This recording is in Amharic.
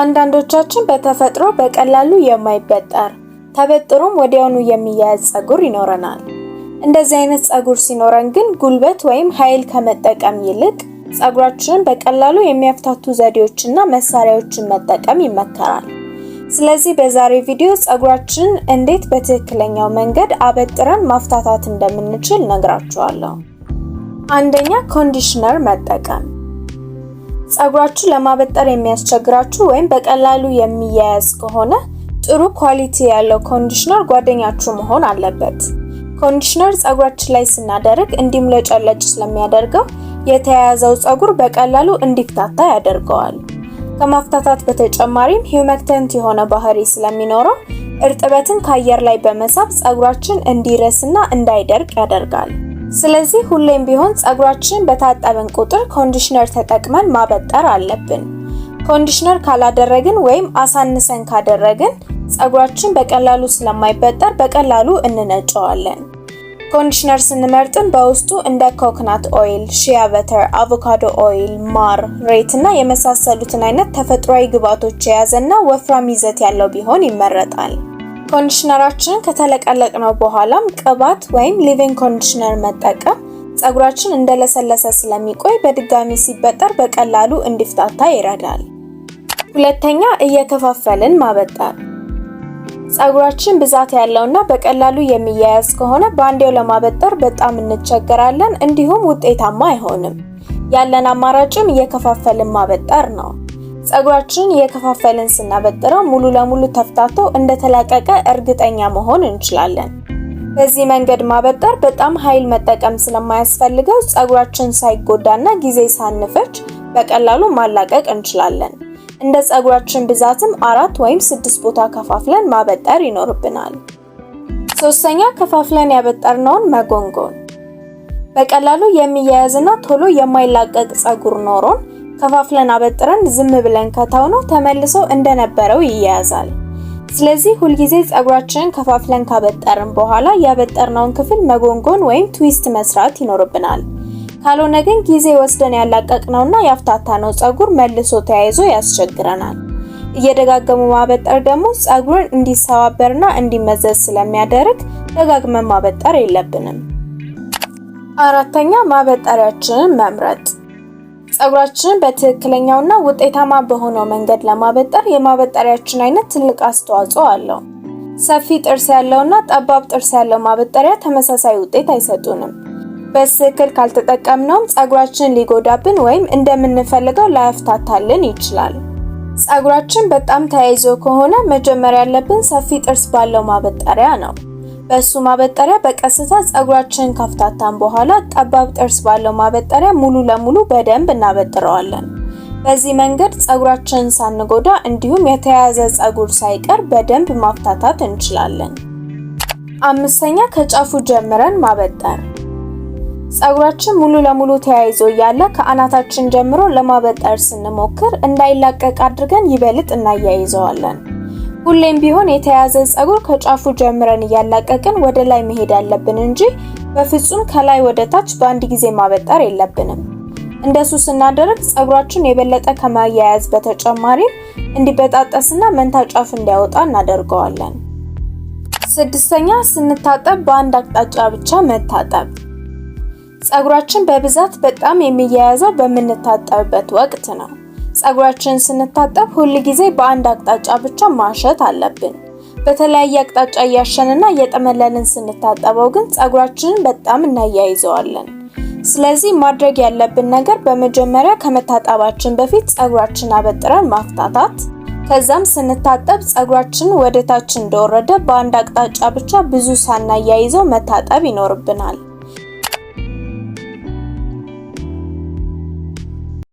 አንዳንዶቻችን በተፈጥሮ በቀላሉ የማይበጠር ተበጥሮም ወዲያውኑ የሚያያዝ ጸጉር ይኖረናል። እንደዚህ አይነት ጸጉር ሲኖረን ግን ጉልበት ወይም ኃይል ከመጠቀም ይልቅ ጸጉራችንን በቀላሉ የሚያፍታቱ ዘዴዎችና መሳሪያዎችን መጠቀም ይመከራል። ስለዚህ በዛሬ ቪዲዮ ጸጉራችንን እንዴት በትክክለኛው መንገድ አበጥረን ማፍታታት እንደምንችል ነግራችኋለሁ። አንደኛ ኮንዲሽነር መጠቀም ጸጉራችሁ ለማበጠር የሚያስቸግራችሁ ወይም በቀላሉ የሚያያዝ ከሆነ ጥሩ ኳሊቲ ያለው ኮንዲሽነር ጓደኛችሁ መሆን አለበት። ኮንዲሽነር ጸጉራችን ላይ ስናደርግ እንዲሙለጨለጭ ስለሚያደርገው የተያያዘው ጸጉር በቀላሉ እንዲፍታታ ያደርገዋል። ከማፍታታት በተጨማሪም ሂውመክተንት የሆነ ባህሪ ስለሚኖረው እርጥበትን ከአየር ላይ በመሳብ ጸጉራችን እንዲረስና እንዳይደርቅ ያደርጋል። ስለዚህ ሁሌም ቢሆን ጸጉራችንን በታጠብን ቁጥር ኮንዲሽነር ተጠቅመን ማበጠር አለብን። ኮንዲሽነር ካላደረግን ወይም አሳንሰን ካደረግን ጸጉራችን በቀላሉ ስለማይበጠር በቀላሉ እንነጨዋለን። ኮንዲሽነር ስንመርጥም በውስጡ እንደ ኮኮናት ኦይል፣ ሺያ በተር፣ አቮካዶ ኦይል፣ ማር፣ ሬት እና የመሳሰሉትን አይነት ተፈጥሯዊ ግብአቶች የያዘና ወፍራም ይዘት ያለው ቢሆን ይመረጣል። ኮንዲሽነራችንን ከተለቀለቅነው በኋላም ቅባት ወይም ሊቪንግ ኮንዲሽነር መጠቀም ፀጉራችን እንደለሰለሰ ስለሚቆይ በድጋሚ ሲበጠር በቀላሉ እንዲፍታታ ይረዳል። ሁለተኛ እየከፋፈልን ማበጠር። ፀጉራችን ብዛት ያለውና በቀላሉ የሚያያዝ ከሆነ በአንዴው ለማበጠር በጣም እንቸገራለን፣ እንዲሁም ውጤታማ አይሆንም። ያለን አማራጭም እየከፋፈልን ማበጠር ነው። ጸጉራችንን እየከፋፈልን ስናበጥረው ሙሉ ለሙሉ ተፍታቶ እንደተላቀቀ እርግጠኛ መሆን እንችላለን። በዚህ መንገድ ማበጠር በጣም ኃይል መጠቀም ስለማያስፈልገው ጸጉራችን ሳይጎዳና ጊዜ ሳንፈጅ በቀላሉ ማላቀቅ እንችላለን። እንደ ጸጉራችን ብዛትም አራት ወይም ስድስት ቦታ ከፋፍለን ማበጠር ይኖርብናል። ሶስተኛ ከፋፍለን ያበጠርነውን መጎንጎን። በቀላሉ የሚያያዝና ቶሎ የማይላቀቅ ጸጉር ኖሮን ከፋፍለን አበጥረን ዝም ብለን ከተው ነው ተመልሶ እንደነበረው ይያያዛል። ስለዚህ ሁልጊዜ ጸጉራችንን ከፋፍለን ካበጠርን በኋላ ያበጠርነውን ክፍል መጎንጎን ወይም ትዊስት መስራት ይኖርብናል። ካልሆነ ግን ጊዜ ወስደን ያላቀቅነውና ያፍታታነው ጸጉር መልሶ ተያይዞ ያስቸግረናል። እየደጋገሙ ማበጠር ደግሞ ጸጉርን እንዲሰባበርና እንዲመዘዝ ስለሚያደርግ ደጋግመን ማበጠር የለብንም። አራተኛ ማበጠሪያችንን መምረጥ ጸጉራችንን በትክክለኛውና ውጤታማ በሆነው መንገድ ለማበጠር የማበጠሪያችን አይነት ትልቅ አስተዋጽኦ አለው። ሰፊ ጥርስ ያለውና ጠባብ ጥርስ ያለው ማበጠሪያ ተመሳሳይ ውጤት አይሰጡንም። በትክክል ካልተጠቀምነውም ጸጉራችንን ሊጎዳብን ወይም እንደምንፈልገው ላያፍታታልን ይችላል። ጸጉራችን በጣም ተያይዞ ከሆነ መጀመር ያለብን ሰፊ ጥርስ ባለው ማበጠሪያ ነው። በእሱ ማበጠሪያ በቀስታ ጸጉራችንን ካፍታታን በኋላ ጠባብ ጥርስ ባለው ማበጠሪያ ሙሉ ለሙሉ በደንብ እናበጥረዋለን። በዚህ መንገድ ጸጉራችንን ሳንጎዳ እንዲሁም የተያያዘ ጸጉር ሳይቀር በደንብ ማፍታታት እንችላለን። አምስተኛ ከጫፉ ጀምረን ማበጠር። ጸጉራችን ሙሉ ለሙሉ ተያይዞ እያለ ከአናታችን ጀምሮ ለማበጠር ስንሞክር እንዳይላቀቅ አድርገን ይበልጥ እናያይዘዋለን። ሁሌም ቢሆን የተያዘ ጸጉር ከጫፉ ጀምረን እያላቀቅን ወደ ላይ መሄድ አለብን እንጂ በፍጹም ከላይ ወደ ታች በአንድ ጊዜ ማበጠር የለብንም። እንደሱ ስናደርግ ጸጉራችን የበለጠ ከማያያዝ በተጨማሪም እንዲበጣጠስና መንታ ጫፍ እንዲያወጣ እናደርገዋለን። ስድስተኛ ስንታጠብ በአንድ አቅጣጫ ብቻ መታጠብ። ጸጉራችን በብዛት በጣም የሚያያዘው በምንታጠብበት ወቅት ነው። ፀጉራችንን ስንታጠብ ሁል ጊዜ በአንድ አቅጣጫ ብቻ ማሸት አለብን። በተለያየ አቅጣጫ እያሸንና እየጠመለልን ስንታጠበው ግን ፀጉራችንን በጣም እናያይዘዋለን። ስለዚህ ማድረግ ያለብን ነገር በመጀመሪያ ከመታጠባችን በፊት ፀጉራችንን አበጥረን ማፍታታት፣ ከዛም ስንታጠብ ጸጉራችንን ወደታች እንደወረደ በአንድ አቅጣጫ ብቻ ብዙ ሳናያይዘው መታጠብ ይኖርብናል።